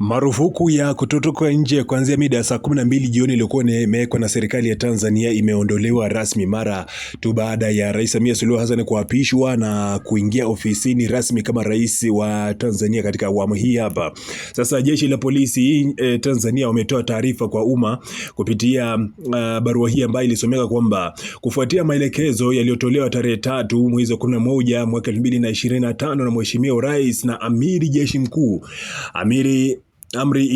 Marufuku ya kutotoka nje kuanzia mida ya saa 12 jioni iliyokuwa imewekwa na serikali ya Tanzania imeondolewa rasmi mara tu baada ya Rais Samia Suluhu Hassan kuapishwa na kuingia ofisini rasmi kama rais wa Tanzania katika awamu hii hapa. Sasa jeshi la polisi e, Tanzania wametoa taarifa kwa umma kupitia uh, barua hii ambayo ilisomeka kwamba kufuatia maelekezo yaliyotolewa tarehe tatu mwezi wa 11 mwaka 2025 na Mheshimiwa Rais na Amiri Jeshi Mkuu Amiri Amri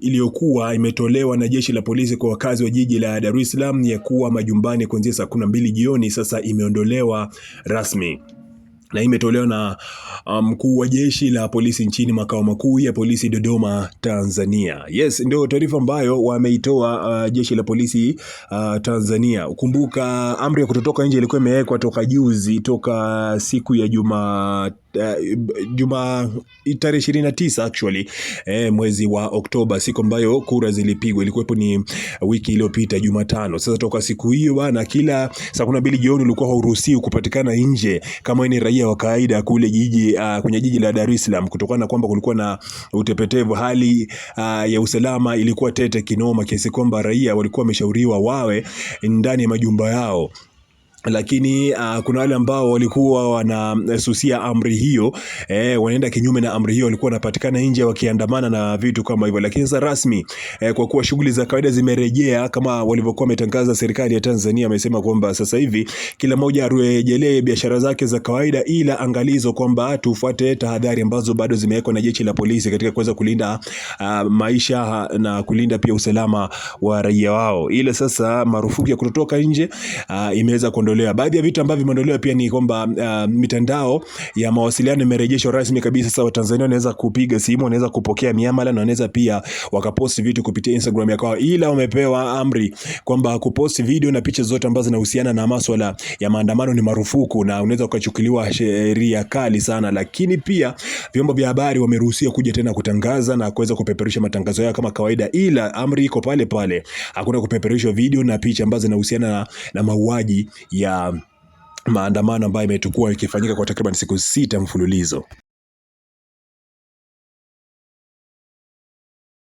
iliyokuwa imetolewa na jeshi la polisi kwa wakazi wa jiji la Dar es Salaam ya kuwa majumbani kuanzia saa kumi na mbili jioni sasa imeondolewa rasmi na imetolewa na uh, mkuu um, wa jeshi la polisi nchini makao makuu ya polisi Dodoma, Tanzania. Yes, ndio taarifa ambayo wameitoa uh, jeshi la polisi uh, Tanzania. Ukumbuka amri ya kutotoka nje ilikuwa imewekwa toka juzi, toka siku ya Juma Uh, juma tarehe ishirini na tisa actually e, mwezi wa Oktoba, siku ambayo kura zilipigwa, ilikuwepo ni wiki iliyopita Jumatano. Sasa toka siku hiyo bana, kila saa kumi na mbili jioni ulikuwa hauruhusiwi kupatikana nje kama ni raia wa kawaida kule jiji uh, kwenye jiji la Dar es Salaam kutokana na kwamba kulikuwa na utepetevu, hali uh, ya usalama ilikuwa tete kinoma, kiasi kwamba raia walikuwa wameshauriwa wawe ndani ya majumba yao lakini uh, kuna wale ambao walikuwa wanasusia eh, amri hiyo eh, wanaenda kinyume na amri hiyo, walikuwa wanapatikana nje wakiandamana na vitu kama hivyo. Lakini sasa rasmi eh, kwa kuwa shughuli za kawaida zimerejea kama walivyokuwa wametangaza, serikali ya Tanzania amesema kwamba sasa hivi kila mmoja arejelee biashara zake za kawaida, ila angalizo kwamba tufuate tahadhari ambazo bado zimewekwa na jeshi la polisi katika kuweza kulinda uh, maisha na kulinda pia usalama wa raia wao. Ila sasa marufuku ya kutotoka nje uh, imeweza kuondolewa vimeondolewa. Baadhi ya vitu ambavyo vimeondolewa pia ni kwamba uh, mitandao ya mawasiliano imerejeshwa rasmi kabisa. Sasa Watanzania wanaweza kupiga simu, wanaweza kupokea miamala na wanaweza pia wakaposti vitu kupitia Instagram ya kwao, ila wamepewa amri kwamba kuposti video na picha zote ambazo zinahusiana na masuala ya maandamano ni marufuku na unaweza ukachukuliwa sheria kali sana. Lakini pia vyombo vya habari wameruhusiwa kuja tena kutangaza na kuweza kupeperusha matangazo yao kama kawaida, ila amri iko pale pale, hakuna kupeperusha video na picha ambazo zinahusiana na, na mauaji ya ya maandamano ambayo imetukua ikifanyika kwa takriban siku sita mfululizo.